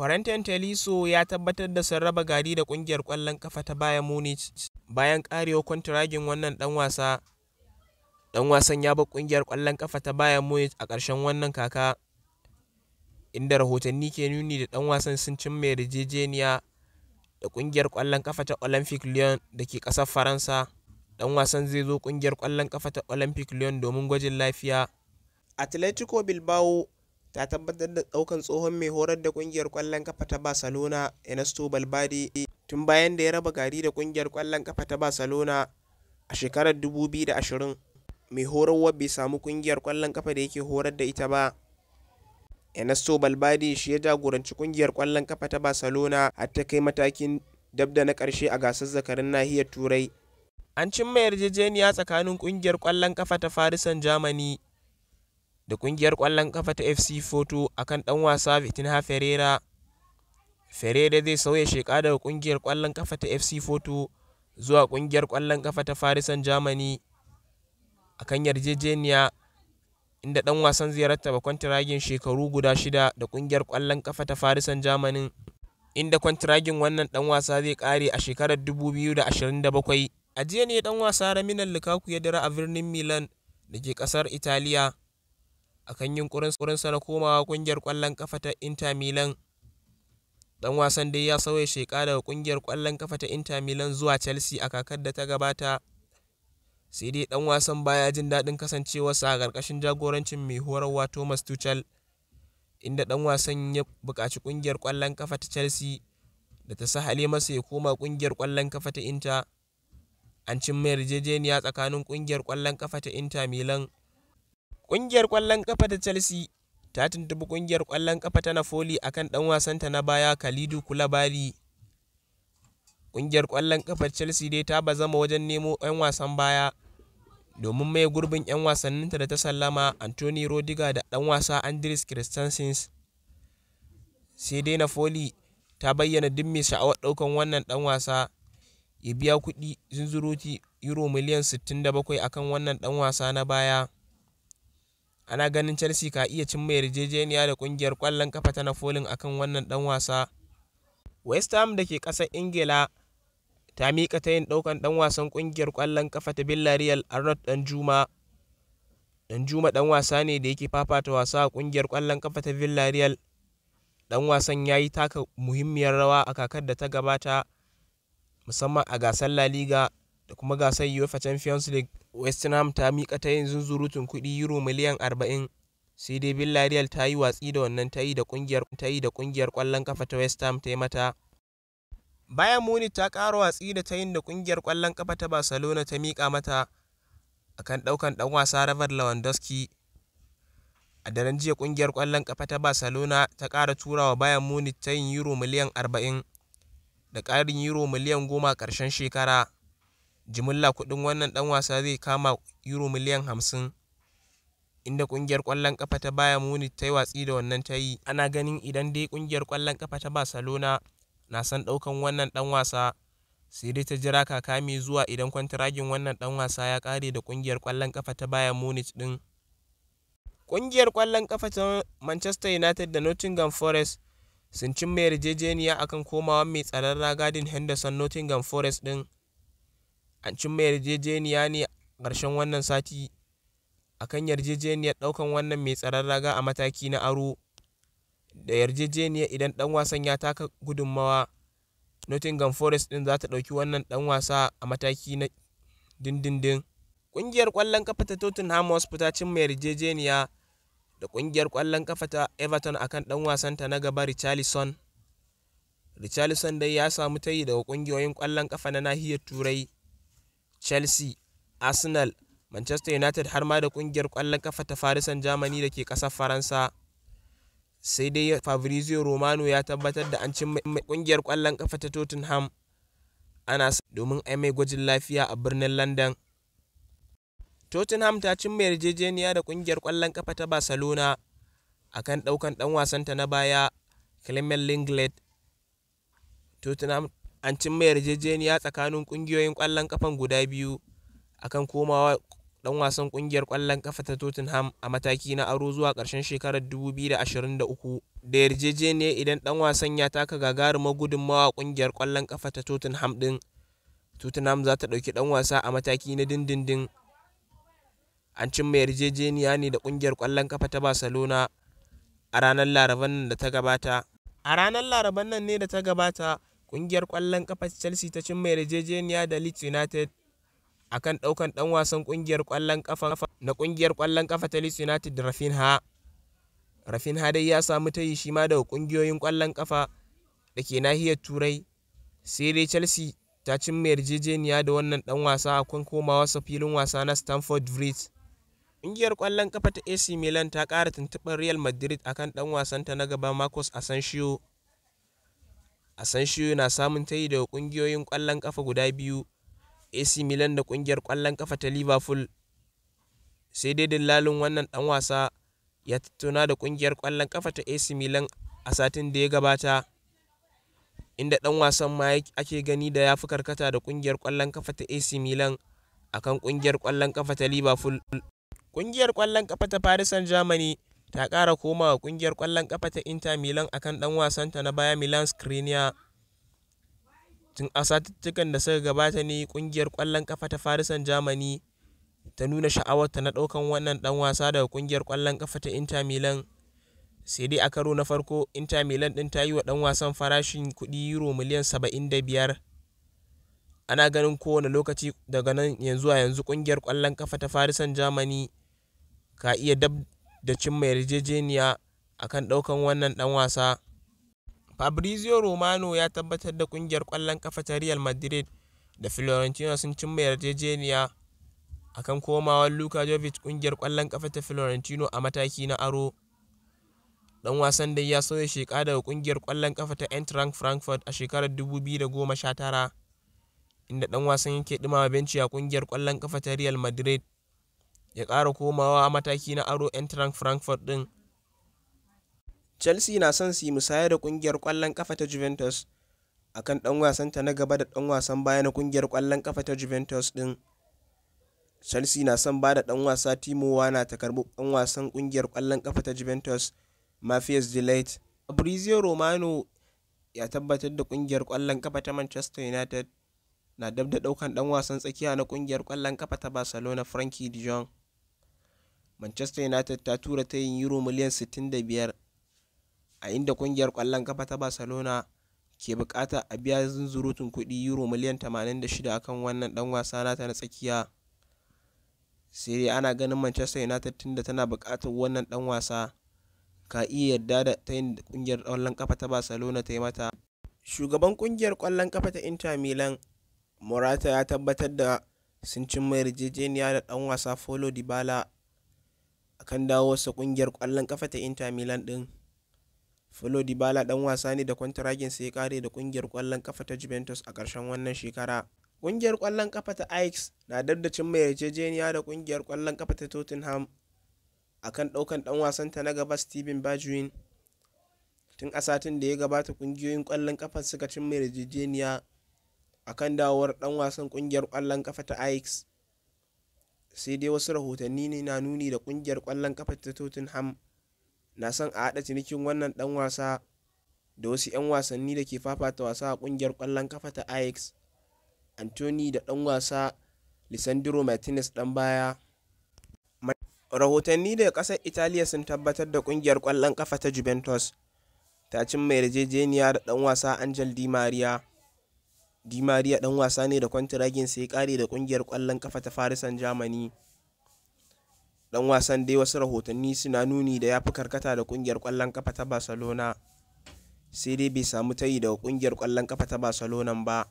Corentin teliso ya tabbatar da sun raba gari da kungiyar kwallon kafa ta Bayern Munich bayan karewa kwantiragin wannan dan wasa. Dan wasan ya bar kungiyar ƙwallon kafa ta Bayern Munich a ƙarshen wannan kaka inda rahotanni ke nuni da dan wasan sun mai yarjejeniya da kungiyar ƙwallon kafa ta Olympic Lyon da ke ƙasar Faransa. Dan wasan zai zo kungiyar kwallon kafa ta Olympic Lyon domin gwajin lafiya. Atletico Bilbao ta tabbatar da daukan tsohon mai horar da kungiyar kwallon kafa ta barcelona ernesto Balbadi tun bayan da ya raba gari da kungiyar kwallon kafa ta barcelona a shekarar 2020 mai horarwa bai samu kungiyar kwallon kafa da yake horar da ita ba ernesto Balbadi shi ya jagoranci kungiyar kwallon kafa ta barcelona har ta kai matakin dabda na karshe a gasar zakarin nahiyar turai an cimma yarjejeniya tsakanin kungiyar kwallon kafa ta farisan germany da kungiyar ƙwallon kafa ta FC foto a kan dan wasa Vitinha Ferreira. Ferreira zai sauya sheƙa daga kungiyar ƙwallon kafa ta FC foto zuwa kungiyar kwallon kafa ta Paris saint a kan yarjejeniya inda dan wasan zai rattaba shekaru guda shida da kungiyar kwallon kafa ta farisan saint inda kwantiragin wannan dan wasa zai kare a shekarar 2027. A jiya ne dan wasa Raminan Lukaku ya dira a birnin Milan da ke ƙasar Italiya. akan yunkurinsa na komawa kungiyar kwallon kafa ta Inter Milan. Dan wasan dai ya sauya sheka daga kungiyar kwallon kafa ta Inter Milan zuwa Chelsea a kakar da ta gabata. Sai dai dan wasan baya jin daɗin kasancewarsa a ƙarƙashin jagorancin mai horarwa Thomas Tuchel, inda dan wasan ya buƙaci kungiyar kwallon kafa ta Chelsea da ta sahale masa ya koma kungiyar kwallon kafa ta Inter. an cin mai yarjejeniya tsakanin kungiyar kwallon kafa ta Inter Milan Ƙungiyar ƙwallon ƙafa ta Chelsea ta tuntubi ƙungiyar ƙwallon ƙafa ta Napoli akan ɗan wasanta na baya Kalidu Koulibaly. Ƙungiyar ƙwallon ta Chelsea dai ta bazama wajen nemo 'yan wasan baya domin mai gurbin 'yan wasanninta da ta sallama Anthony Rodiga da ɗan wasa Andres Christensen. Sai dai Napoli ta bayyana duk mai sha'awar ɗaukan wannan ɗan wasa ya biya kuɗi zunzuruti euro miliyan 67 akan wannan ɗan wasa na baya. Ana ganin Chelsea ka iya cimma yarjejeniya da kungiyar kwallon kafa ta Napoli akan wannan dan wasa. West Ham da ke kasar Ingila ta miƙa ta yin daukan dan wasan kungiyar kwallon kafa ta Villarreal Arnold Danjuma. Danjuma dan wasa ne da yake fafata wasa a kungiyar kwallon kafa ta Villarreal. dan wasan ya yi taka muhimmiyar rawa a kakar da ta gabata musamman a gasar La Liga da kuma gasar UEFA Champions League West Ham ta mika ta yin zunzurutun kuɗi Euro miliyan 40 sai dai Villarreal ta yi watsi da wannan yi da kungiyar yi da kungiyar ƙwallon kafa ta West Ham ta yi mata Bayern Munich ta ƙara watsi da yin da kungiyar ƙwallon kafa ta Barcelona ta mika mata akan ɗaukan ɗan wasa Robert Lewandowski a daren jiya ƙungiyar ƙwallon kafa ta Barcelona ta ƙara tura wa Bayern Munich yin Euro miliyan 40 da ƙarin Euro miliyan 10 ƙarshen shekara jimilla kuɗin wannan ɗan wasa zai kama Euro miliyan hamsin inda ƙungiyar ƙwallon ƙafa ta baya muni ta yi watsi da wannan ta yi. Ana ganin idan dai ƙungiyar ƙwallon ƙafa ta Barcelona na son ɗaukan wannan ɗan wasa, sai dai ta jira kaka mai zuwa idan kwantiragin wannan ɗan wasa ya ƙare da ƙungiyar ƙwallon ƙafa ta baya Munich ɗin. Ƙungiyar ƙwallon ƙafa ta Manchester United da Nottingham Forest sun cimma yarjejeniya akan komawa mai tsaron ragadin Henderson Nottingham Forest ɗin. an cimma yarjejeniya ne ƙarshen wannan sati a kan yarjejeniyar ɗaukan wannan mai tsaron raga a mataki na aro da yarjejeniyar idan ɗan wasan ya taka gudunmawa nottingham forest ɗin za ta ɗauki wannan ɗan wasa a mataki na dindindin ƙungiyar ƙwallon kafa ta tottenham hotspur ta cimma yarjejeniya da ƙungiyar ƙwallon kafa ta everton akan ɗan wasan ta na gaba richarlison richarlison dai ya samu tayi daga ƙungiyoyin ƙwallon kafa na nahiyar turai chelsea arsenal manchester united har ma da kungiyar kwallon kafa ta farisan germany da ke kasar faransa sai dai fabrizio romano ya tabbatar da an cin kungiyar kwallon kafa ta tottenham ana domin ai mai gwajin lafiya a birnin london tottenham ta cin mai yarjejeniya da kungiyar kwallon kafa ta barcelona akan ɗaukan ɗan wasanta na baya clement Lenglet tottenham an cimma yarjejeniya tsakanin kungiyoyin kwallon kafan guda biyu akan komawa dan wasan kungiyar ƙwallon kafa ta Tottenham a mataki na aro zuwa karshen shekarar 2023 da yarjejeniya idan dan wasan ya taka gagarumar gudunmawa kungiyar ƙwallon kafa ta Tottenham din Tottenham za ta ɗauki dan wasa a mataki na dindindin an cimma yarjejeniya ne da kungiyar kwallon kafa ta Barcelona a ranar Laraban da ta gabata a ranar Laraban nan ne da ta gabata kungiyar ƙwallon kafa ta Chelsea ta cimma yarjejeniya da Leeds United akan ɗaukan ɗan wasan ƙungiyar ƙwallon ƙafa na ƙungiyar kwallon kafa ta Leeds United Rafinha. Rafinha dai ya samu tayi shi ma daga ƙungiyoyin kwallon kafa da ke nahiyar Turai. Sai dai Chelsea ta cimma yarjejeniya da wannan ɗan wasa a kan sa filin wasa na Stamford Bridge. Ƙungiyar ƙwallon kafa ta AC Milan ta ƙara tuntuɓar Real Madrid akan ɗan wasanta na gaba Marcos Asensio shi na samun tayi daga ƙungiyoyin ƙwallon ƙafa guda biyu, AC Milan da ƙungiyar ƙwallon ƙafa ta Liverpool, sai dai dillalin wannan ɗan wasa ya tattauna da ƙungiyar ƙwallon ƙafa ta AC Milan a satin da ya gabata, inda ɗan wasan ma ake gani da ya fi karkata da ƙungiyar ƙwallon ƙafa ta AC Milan akan ƙungiyar ƙwallon ƙafa ta Liverpool. Ƙungiyar ƙwallon ƙafa ta Paris Saint-Germain ta ƙara komawa ƙungiyar ƙwallon ƙafa ta Inter Milan a kan ɗan wasanta na Bayern Milan Skriniar. Tun a satuttukan da suka gabata ne ƙungiyar ƙwallon ƙafa ta farisan saint ta nuna sha'awarta na ɗaukan wannan ɗan wasa daga ƙungiyar ƙwallon ƙafa ta Inter Milan. Sai dai a karo na farko Inter Milan ɗin ta yi wa ɗan wasan farashin kuɗi Euro miliyan 75. Ana ganin kowane lokaci daga nan yanzu a yanzu ƙungiyar ƙwallon ƙafa ta farisan saint ka iya dab da cimma yarjejeniya a kan ɗaukan wannan ɗan wasa. Fabrizio Romano ya tabbatar da ƙungiyar kwallon kafa ta Real Madrid da florentino sun cimma yarjejeniya a kan komawar Luka Jovic ƙungiyar kwallon kafa ta florentino a mataki na aro. dan wasan dai ya sauya sheka daga ƙungiyar kwallon kafa ta Eintracht Frankfurt a shekarar 2019, inda ɗan wasan yake ɗumama benci a ƙungiyar kwallon kafa ta Real Madrid. ya ƙara komawa mataki na aro Eintracht Frankfurt ɗin. Chelsea na son su yi musaya da ƙungiyar ƙwallon ƙafa ta Juventus akan ɗan wasan ta na gaba da ɗan wasan baya na ƙungiyar ƙwallon ƙafa ta Juventus ɗin. Chelsea na son ba da ɗan wasa Timo Wana ta karɓi ɗan wasan ƙungiyar ƙwallon ƙafa ta Juventus Mafias Delight. Fabrizio Romano ya tabbatar da ƙungiyar ƙwallon ƙafa ta Manchester United na dab da ɗaukan ɗan wasan tsakiya na ƙungiyar ƙwallon ƙafa ta Barcelona Frankie de Jong. manchester united ta tura ta yin euro miliyan 65 a inda kungiyar kwallon kafa ta barcelona ke bukata a biya zunzurutun kudi euro miliyan 86 akan wannan dan wasa nata na tsakiya sai ana ganin manchester united tunda tana bukatar wannan dan wasa ka iya yarda da ta yin kungiyar kwallon kafa ta barcelona ta yi mata shugaban kungiyar kwallon kafa ta inter milan morata ya tabbatar da sun cimma yarjejeniya da dan wasa folo dybala akan dawowarsa kungiyar kwallon kafa ta Inter Milan din. Flo Dybala dan wasa ne da kwantaragin sa ya kare da kungiyar kwallon kafa ta Juventus a ƙarshen wannan shekara. Kungiyar kwallon kafa ta Ajax na daddacin mai yarjejeniya da kungiyar kwallon kafa ta Tottenham akan daukan dan wasan ta na gaba Steven Bajuin. Tun a satin da ya gabata kungiyoyin kwallon kafa suka cin mai yarjejeniya akan dawowar dan wasan kungiyar kwallon kafa ta Ajax. sai dai wasu rahotanni ne na nuni da kungiyar kwallon kafa ta tottenham na son a haɗa cinikin wannan ɗan wasa da wasu 'yan wasanni da ke fafata wasa a kungiyar kwallon kafa ta ajax anthony da ɗan wasa lisandro martinez ɗan baya rahotanni daga ƙasar italiya sun tabbatar da kungiyar kwallon kafa ta juventus ta cin mai yarjejeniya da ɗan wasa angel di maria Di Maria dan wasa ne da kwantiragin sai kare da kungiyar kwallon kafa ta Farisan jamani Dan wasan dai wasu rahotanni suna nuni da ya fi karkata da kungiyar kwallon kafa ta Barcelona. Sai dai bai samu tayi daga kungiyar kwallon kafa ta Barcelona ba.